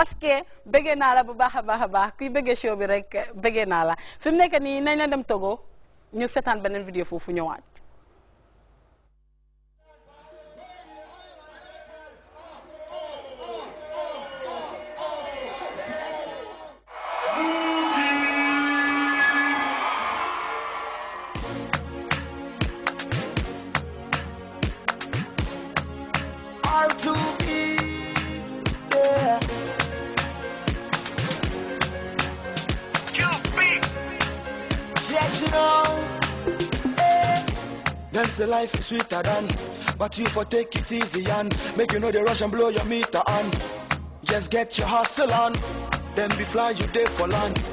oske bëggee naa la bu baax a baax a baax kuy bëggee show bi rek bëggee naa la fi mu nekk nii nañ la dem togo ñu setaan beneen vidéo foofu ñëwaat. Them say life is sweeter than, but you for take it easy and make you know the rush and blow your meter on. Just get your hustle on, then be fly you day for land.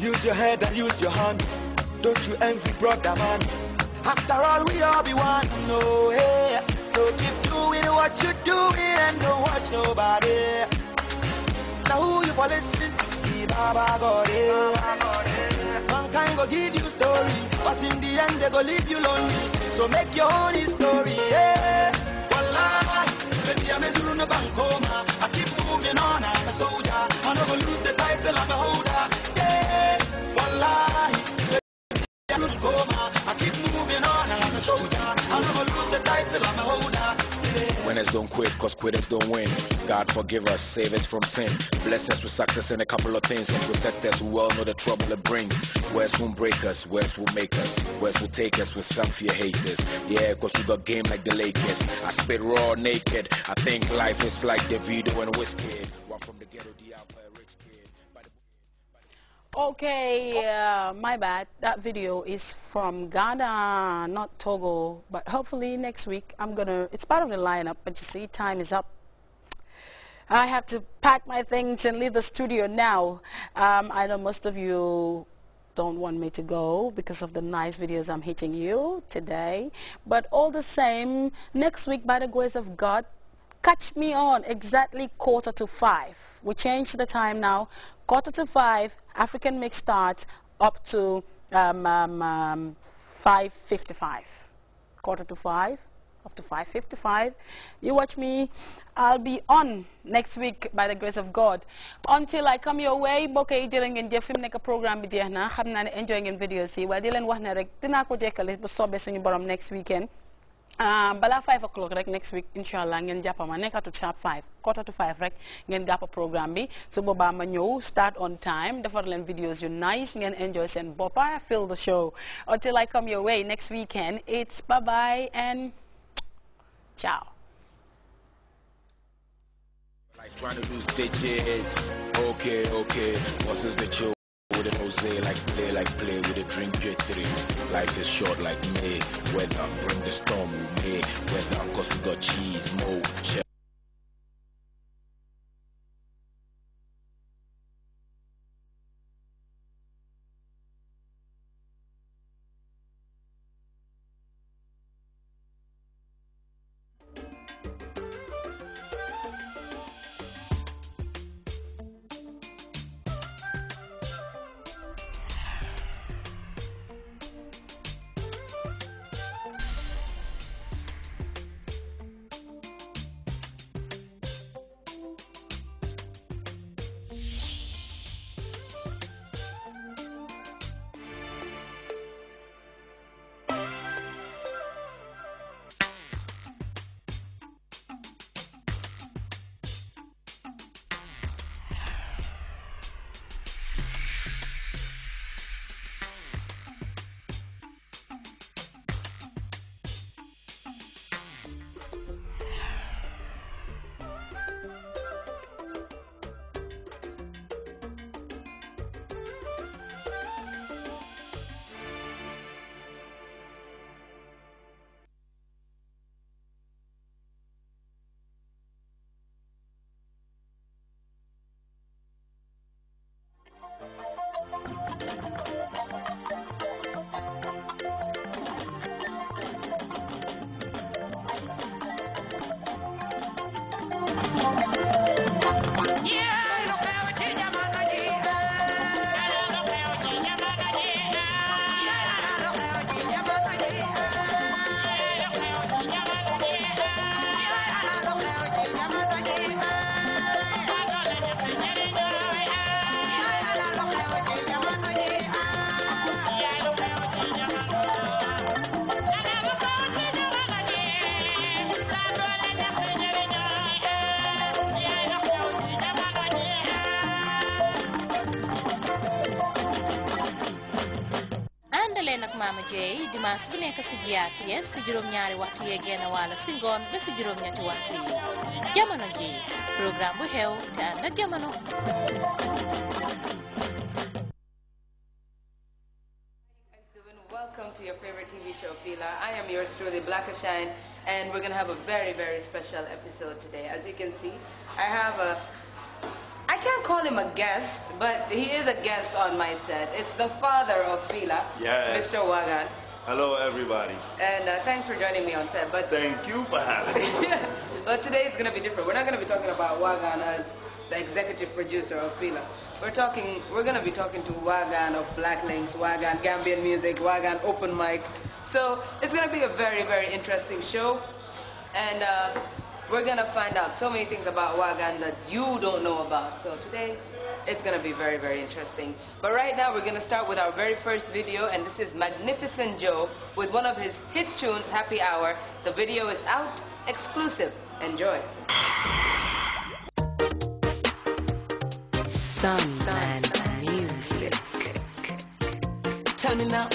Use your head and use your hand. Don't you envy brother man? After all we all be one. No, hey, so keep doing what you doing and don't watch nobody. Now who you for listen to? Baba God, eh. Mankind go give you story, but in the end they go leave you lonely. So make your own history, yeah. Wallah, baby, I'm in the bankoma. I keep moving on, I'm a soldier. I never lose the title, I'm a holder. Yeah, wallah, baby, I'm in the coma. I keep moving on, I'm a soldier. I never lose the title, I'm a holder. Winners don't quit, cause quitters don't win. God forgive us, save us from sin. Bless us with success in a couple of things. And protect us, we all know the trouble it brings. West won't break us, west will make us. west will take us with some fear haters. Yeah, cause we got game like the Lakers. I spit raw naked. I think life is like the video and whiskey. While from the ghetto, the alpha, rich kid. Okay, uh, my bad. That video is from Ghana, not Togo. But hopefully next week I'm going to, it's part of the lineup, but you see time is up. I have to pack my things and leave the studio now. Um, I know most of you don't want me to go because of the nice videos I'm hitting you today. But all the same, next week by the grace of God, catch me on exactly quarter to five. We changed the time now, quarter to five, African mix starts up to um, um, um 5.55. Quarter to five, up to 5.55. You watch me. I'll be on next week by the grace of God. Until I come your way mbokk yi jërë ngeen jëf fi mu nekk programme bi jeex na xam naa ne enjoy ngeen vidéo si waaye di leen wax ne rek dinaa ko jekkale bu soobee suñu next weekend. Um, balaa 5 o'clock rek next week in allah ngeen jàpp ma nekkatut sharp 5 quarter to 5 rek ngeen gàpp programme bi su boobaa ma ñëw start on time defar leen videos you nice ngeen enjoy seen boppa fill the show until I come your way next weekend it's bye bye and ciao. trying to lose digits. Okay, okay. What is with an rosé, like play, like play with a drink, get three. Life is short like May, weather, bring the storm, we may, weather, cause we got cheese, mo, Thank you. Mama dimanche bu juróom-ñaari waxtu juróom-ñetti waxtu yi jamono ji programme bu xew jamono. Welcome to your favorite TV show, Fila. I am yours truly, Black Shine, and we're going to have a very, very special episode today. As you can see, I have a call him a guest, but he is a guest on my set. It's the father of Fila, yes. Mr. Wagan. Hello, everybody. And uh, thanks for joining me on set. But Thank you for having me. But today it's going to be different. We're not going to be talking about Wagan as the executive producer of Fila. We're talking, we're going to be talking to Wagan of Black Links, Wagan Gambian Music, Wagan Open Mic. So it's going to be a very, very interesting show. And uh, we're gonna find out so many things about Wagan that you don't know about. So today, it's gonna be very, very interesting. But right now, we're gonna start with our very first video, and this is Magnificent Joe with one of his hit tunes, Happy Hour. The video is out, exclusive. Enjoy. Sunland Music. Turning up.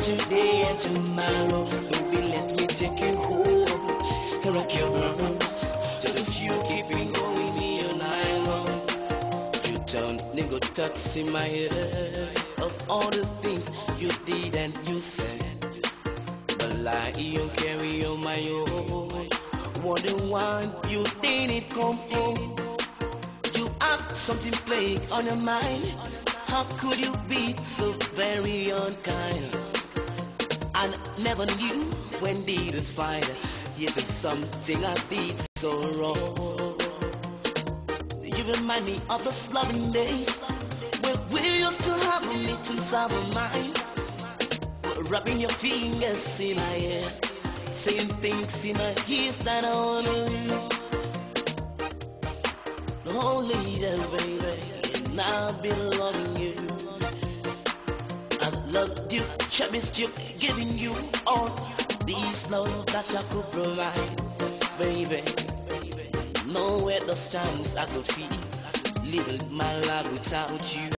today and tomorrow. Baby, let me take you home. Rock your bubbles till if you keep me going near nylon. You turn to talk in my head. Of all the things you did and you said, but like you carry on my own. What the one you didn't come home. You have something playing on your mind. How could you be so very unkind? never knew when did to find. Yet there's something I did so wrong. You remind me of those loving days when we used to have meetings out of mind. Rubbing your fingers in my hair, saying things in my ears that only Only the baby, and i have been loving you loved you, cherished you, giving you all these love that I could provide, baby. Nowhere the stands I could feel, living my life without you.